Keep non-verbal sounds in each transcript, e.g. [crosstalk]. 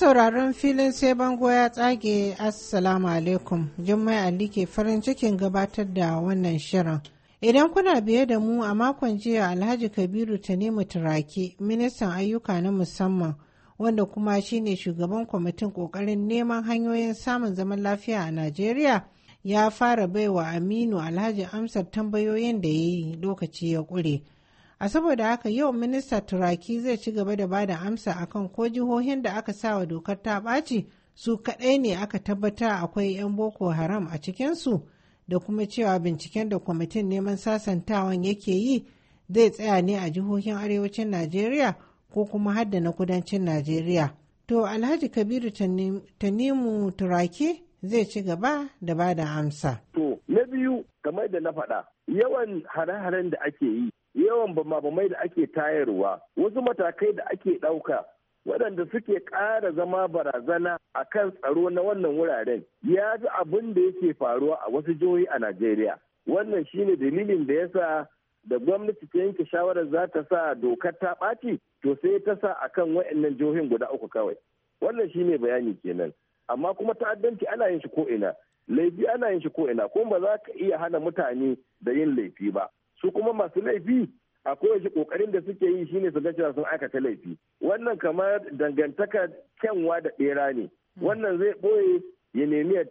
sauraron filin sai bango ya tsage assalamu alaikum jummai ali ke farin cikin gabatar da wannan shirin idan kuna biye da mu a makon jiya alhaji kabiru tanimu turaki ministan ayyuka na musamman wanda kuma shine shugaban kwamitin kokarin neman hanyoyin samun zaman lafiya a najeriya ya fara baiwa aminu alhaji amsar tambayoyin da ya yi lokaci ya ƙure. a saboda haka yau minista turaki zai ci gaba da bada amsa akan ko jihohin da aka sawa dokar ta ɓaci su kaɗai ne aka tabbata akwai 'yan boko haram a cikinsu da kuma cewa binciken da kwamitin neman sasantawan yake yi zai tsaya ne a jihohin arewacin najeriya ko kuma hadda na kudancin najeriya to alhaji kabiru tanimu turaki zai ci gaba da bada amsa to na biyu kamar da na faɗa yawan hare-haren da ake yi yawan bamabamai da ake tayarwa wasu matakai da ake ɗauka waɗanda suke ƙara zama barazana a kan tsaro na wannan wuraren ya fi abin da yake faruwa a wasu jihohi a najeriya wannan shine dalilin da ya sa da gwamnati ta yanke shawarar za ta sa dokar ta ɓaci to sai ta sa a kan waɗannan jihohin guda uku kawai wannan shine bayani kenan amma kuma ta'addanci ana yin shi ko ina laifi ana yin shi ko ina kuma ba za ka iya hana mutane da yin laifi ba su kuma masu laifi a kowace kokarin da suke yi shine su ga cewa sun aikata laifi wannan kamar dangantaka kyanwa da bera ne hmm. wannan zai boye ya nemi ya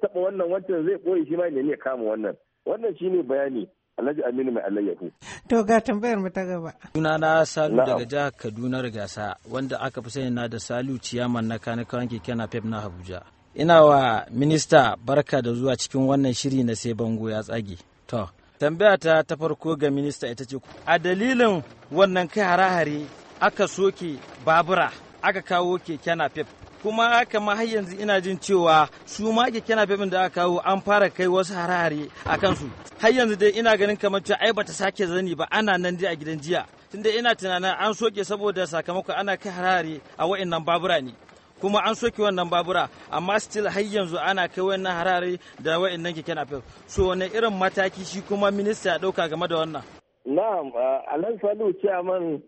taba wannan wancan zai boye shi ma ya nemi ya kama wannan wannan shine bayani Alhaji Aminu mai alayyahu. To ga tambayar mu ta gaba. Sunana Salu daga jihar Kaduna Rigasa wanda aka fi sani na da Salu Ciyaman na kanikawan keke na Pep na Abuja. Ina wa minista barka da zuwa cikin wannan shiri na sai bango ya tsage. To, tambaya ta ta farko ga minista ita ce a dalilin wannan kai harahare, aka soke babura aka kawo keke napep kuma aka ma har yanzu ina jin cewa su ma keke napep da aka kawo an fara kai wasu harahare a kansu har yanzu dai ina ganin kamar cewa ai bata sake zani ba ana nan dai a gidan jiya tunda ina tunanin an soke saboda sakamako ana kai harahare a wa'annan babura ne kuma an soke wannan babura amma still har yanzu ana kai wannan harare da wa'annan keken napep so wani irin mataki shi kuma minista ya dauka game da wannan Na'am, Alan Salu man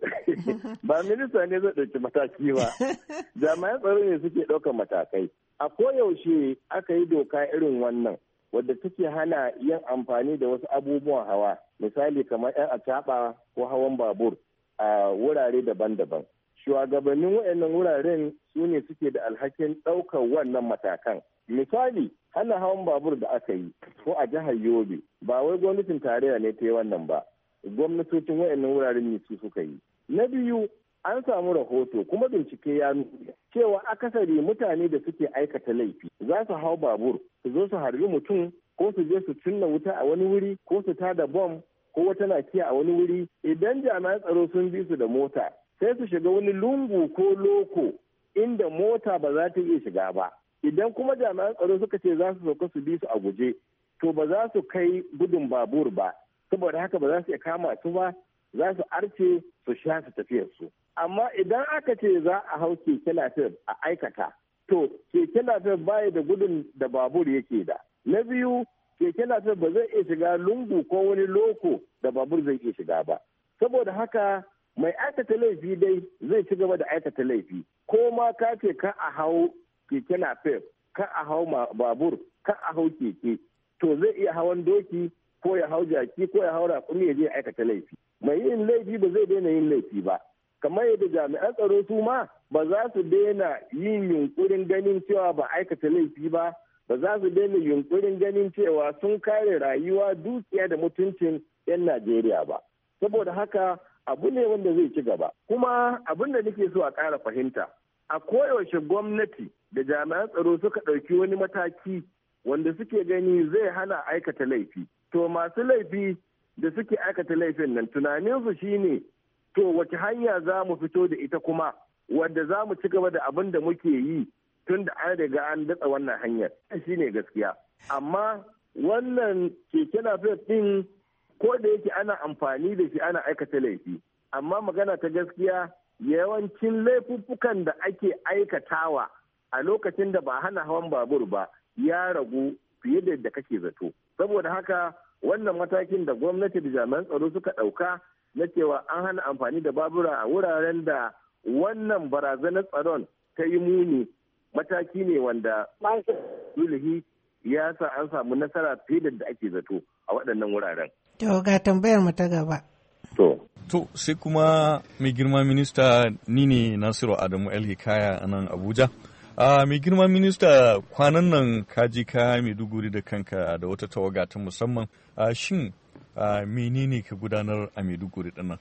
ba minista ne zai ɗauki mataki ba, [laughs] jami'an tsaro ne suke daukar matakai. A koyaushe aka yi doka irin wannan, wadda take hana yin amfani da wasu abubuwan hawa, misali kamar 'yan acaɓa ko hawan babur a wurare daban-daban. Shugabannin waɗannan wuraren su ne suke da alhakin ɗaukar wannan matakan. Misali, hana hawan babur da aka yi ko a jihar Yobe ba wai gwamnatin tarayya ne ta yi wannan ba, gwamnatocin waɗannan wuraren ne su suka yi. Na biyu, an samu rahoto kuma bincike ya nuna cewa akasari mutane da suke aikata laifi za su hau babur su zo su harbi mutum ko su je su cinna wuta a wani wuri ko su tada bom ko wata nakiya a wani wuri idan jami'an tsaro sun bi su da mota sai su shiga wani lungu ko loko inda mota ba za ta iya shiga ba idan kuma jami'an tsaro suka ce za su sauka su bi su a guje to ba za su kai gudun babur ba saboda haka ba za su iya kama su ba za su arce su sha su tafiyar su amma idan aka ce za a hau keke lafiyar a aikata to keke lafiyar baya da gudun da babur yake da na biyu keke lafiyar ba zai iya shiga lungu ko wani loko da babur zai iya shiga ba saboda haka mai aikata laifi dai zai ci gaba da aikata laifi ko ma ka ce ka a hau keke na fef ka a hau babur ka a hau keke to zai iya hawan doki ko ya hau jaki ko ya hau raƙumi ya je aikata laifi mai yin laifi ba zai daina yin laifi ba kamar yadda jami'an tsaro su ma ba za su daina yin yunkurin ganin cewa ba aikata laifi ba ba za su daina yunkurin ganin cewa sun kare rayuwa dukiya da mutuncin 'yan najeriya ba saboda haka abu ne wanda zai ci gaba kuma abin da nake so a ƙara fahimta a koyaushe gwamnati da jami'an tsaro suka ɗauki wani mataki wanda suke gani zai hana aikata laifi to masu laifi da suke aikata laifin nan tunaninsu shine to wace hanya za mu fito da ita kuma wanda za mu ci gaba da abin da muke yi tun da an riga an datsa wannan hanyar shine gaskiya amma wannan keke napep ɗin. ko da yake ana amfani da shi ana aikata laifi amma magana ta gaskiya yawancin laifuffukan da ake aikatawa a lokacin da ba hana hawan babur ba ya ragu fiye da yadda kake zato saboda haka wannan matakin da gwamnati da jami'an tsaro suka ɗauka na cewa an hana amfani da babura a wuraren da wannan barazanar tsaron ta yi muni mataki ne wanda sulhi ya sa an samu nasara fiye da ake zato a waɗannan wuraren. To ga tambayar mu ta gaba. To. To sai kuma mai girma minista ni ne Nasiru Adamu El Hikaya a nan Abuja. A mai girma minista kwanan nan kaji ka Maiduguri da kanka da wata tawaga ta musamman. A shin menene ka gudanar a Maiduguri dinnan?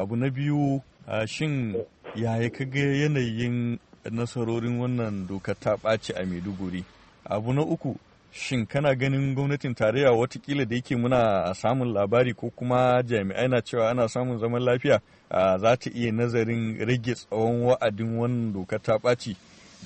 Abu na biyu shin yaya ka ga yanayin nasarorin wannan doka ta ɓaci a Maiduguri? Abu na uku Shin kana ganin gwamnatin tarayya watakila da yake muna samun labari ko kuma jami'ai na cewa ana samun zaman lafiya za ta iya nazarin rage tsawon wa'adin wannan doka ta ɓaci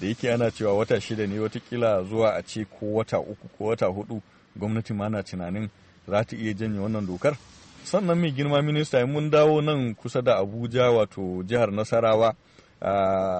da yake ana cewa wata shida ne watakila zuwa a ce ko wata uku ko wata hudu gwamnati ma na tunanin za ta iya janye wannan dokar. Sannan mai girma minista mun dawo nan kusa da Abuja wato jihar Nasarawa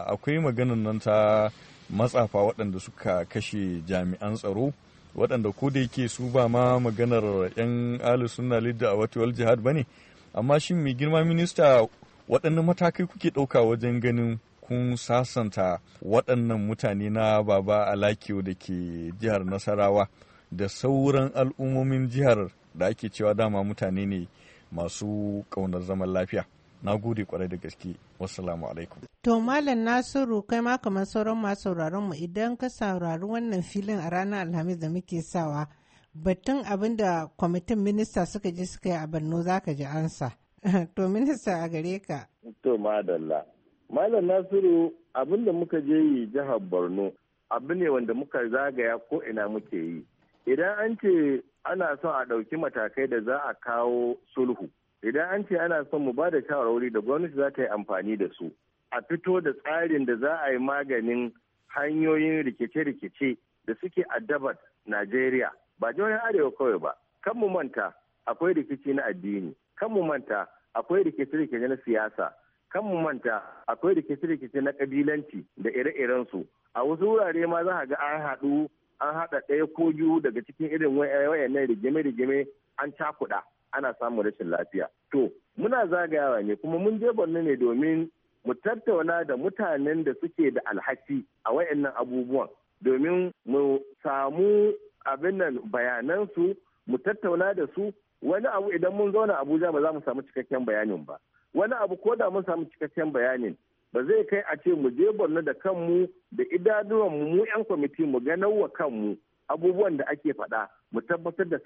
akwai maganan nan ta matsafa waɗanda suka kashe jami'an tsaro. waɗanda ko da yake su ba ma maganar 'yan ali suna lidda a wata wal jihad ba ne amma shi mai girma minista waɗannan matakai kuke ɗauka wajen ganin kun sasanta waɗannan mutane na baba alakiyo da ke jihar nasarawa da sauran al'ummomin jihar da ake cewa dama mutane ne masu ƙaunar zaman lafiya na gode kwarai da gaske wassalamu alaikum to malam nasiru kai ma kamar sauran masu sauraron mu idan ka saurari wannan filin a ranar alhamis da muke sawa batun abin da kwamitin minista suka ji suka yi a borno za ka ji ansa [laughs] to minista a gare ka to madalla malam nasiru abin da muka je yi jihar borno abu ne wanda muka zagaya ko ina muke yi idan an ce ana son a ɗauki matakai da za a kawo sulhu idan an ce ana son mu ba da shawarwari da gwamnati za ta yi amfani da su a fito da tsarin da za a yi maganin hanyoyin rikice-rikice da suke addabar najeriya ba jihohin arewa kawai ba kan mu manta akwai rikici na addini kan mu manta akwai rikice-rikice na siyasa kan mu manta akwai rikice-rikice na kabilanci da ire-irensu a wasu wurare ma za a ga an haɗu an haɗa ɗaya ko biyu daga cikin irin wayannan rigime-rigime an cakuɗa ana samun rashin lafiya to muna zagayawa ne kuma mun je borno ne domin mu tattauna da mutanen da suke da alhaki a wayannan abubuwan domin mu samu abin nan bayanansu mu tattauna da su wani abu idan mun zauna abuja ba za mu samu cikakken bayanin ba wani abu ko da mun samu cikakken bayanin ba zai kai a ce mu je borno da kanmu da idanuwanmu mu yan kwamiti mu ganar wa kanmu abubuwan da ake faɗa mu tabbatar da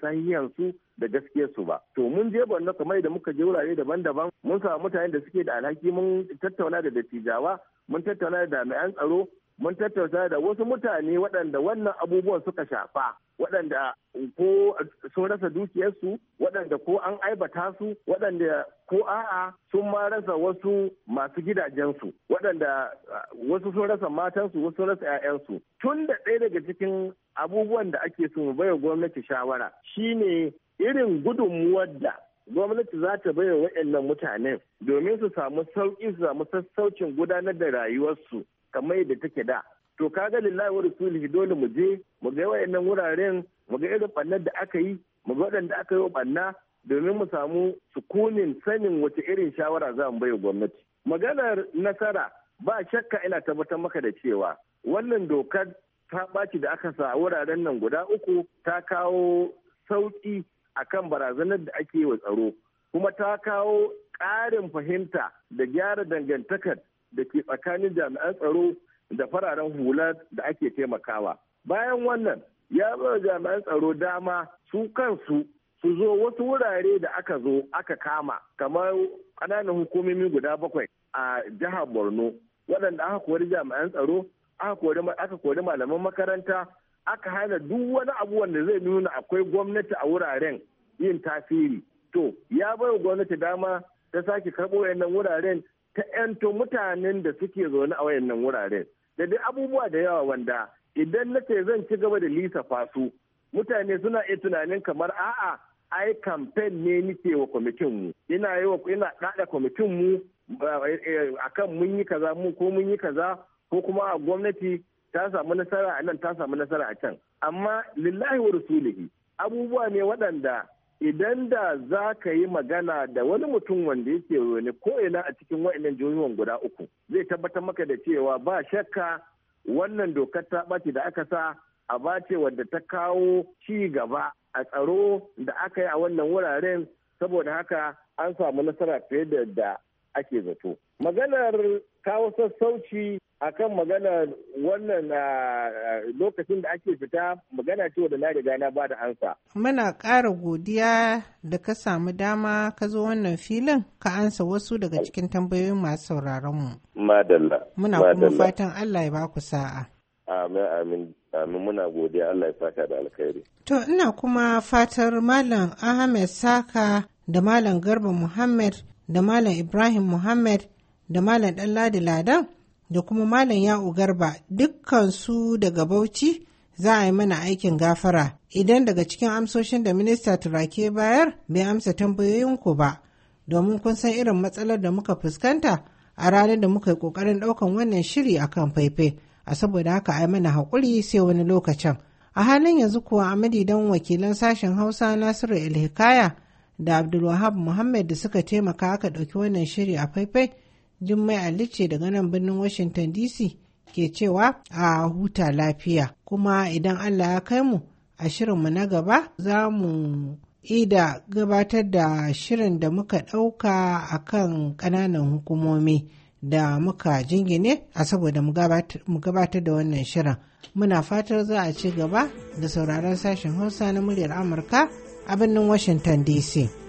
su da gaskiyarsu ba to mun je borno kamar da muka je wurare daban-daban mun samu mutanen da suke da alhaki mun tattauna da dattijawa mun tattauna da jami'an tsaro mun tattauta da wasu mutane waɗanda wannan abubuwan suka shafa waɗanda ko sun rasa dukiyarsu waɗanda ko an aibata su waɗanda ko a'a sun ma rasa wasu masu gidajensu waɗanda uh, wasu sun rasa matansu wasu sun rasa 'ya'yansu tun da ɗaya daga cikin abubuwan da ake so baiwa gwamnati shawara shine irin gudunmuwar da gwamnati za ta baiwa waɗannan mutanen domin su samu sauƙi su samu sassaucin gudanar da rayuwarsu kamar da take da to kaga lillahi wa rasulihi dole mu je mu ga wayannan wuraren mu ga irin bannan da aka yi mu ga wadanda aka yi banna domin mu samu sukunin sanin wace irin shawara za mu bai gwamnati maganar nasara ba shakka ina tabbatar maka da cewa wannan dokar ta ɓaci da aka sa wuraren nan guda uku ta kawo sauƙi akan barazanar da ake wa tsaro kuma ta kawo ƙarin fahimta da gyara dangantakar da ke tsakanin jami'an tsaro da fararen hula da ake taimakawa bayan wannan ya ba jami'an tsaro dama su kansu su zo wasu wurare da aka zo aka kama kamar ƙananan hukumomi guda bakwai a jihar borno waɗanda aka kori jami'an tsaro aka kori malaman makaranta aka hana duk wani abu wanda zai nuna akwai gwamnati a wuraren yin tasiri to ya bai gwamnati dama ta sake karɓo wayannan wuraren ta 'yanto mutanen da suke zaune a wayannan wuraren da dai abubuwa da yawa wanda idan na ce zan ci gaba da lisa su mutane suna iya tunanin kamar a'a ai kamfen ne nike wa kwamitin mu ina yi wa ina kada kwamitin mu akan eh, eh, mun yi kaza mun ko mun yi kaza ko kuma a gwamnati ta samu nasara a nan ta samu nasara a can amma lillahi wa rasulihi abubuwa ne waɗanda idan da za ka yi magana da wani mutum wanda yake wani ko'ina a cikin wa'inan jihohin guda uku zai tabbatar maka da cewa ba shakka wannan dokar ta ɓace da aka sa a bace wadda ta kawo ci gaba a tsaro da aka yi a wannan wuraren saboda haka an samu nasara fiye da da ake zato maganar kawo sassauci akan magana wannan lokacin da ake fita magana ce da na riga na bada ansa. Muna ƙara godiya da ka samu dama ka zo wannan filin ka ansa wasu daga cikin tambayoyin masu sauraronmu. Madalla. Muna kuma fatan Allah ya baku sa'a. Amin amin amin muna godiya Allah ya saka da alkhairi. To ina kuma fatar Malam Ahmed Saka da Malam Garba Muhammad da Malam Ibrahim Muhammad da Malam Ɗanladi Ladan da kuma Malam Ya'u Garba dukkansu daga Bauchi za a yi mana aikin gafara idan daga cikin amsoshin da Minista Turake bayar bai amsa tambayoyinku ba, domin kun san irin matsalar da muka fuskanta a ranar da muka yi ƙoƙarin ɗaukan wannan shiri a kan faifai, a saboda haka a yi mana haƙuri sai wani lokacin. A halin yanzu kuwa amadi don wakilan sashen Hausa Nasiru elhikaya da Abdulwahab Muhammad da suka taimaka aka ɗauki wannan shiri a faifai. Jummai alice ce daga nan birnin Washington DC ke cewa a huta lafiya. Kuma idan Allah ya kai mu a shirinmu na gaba za mu ida gabatar da shirin da muka ɗauka a kan ƙananan hukumomi da muka jingine a saboda mu gabatar da wannan shirin. Muna fatar za a ci gaba da sauraron sashen Hausa na muryar Amurka a birnin Washington DC.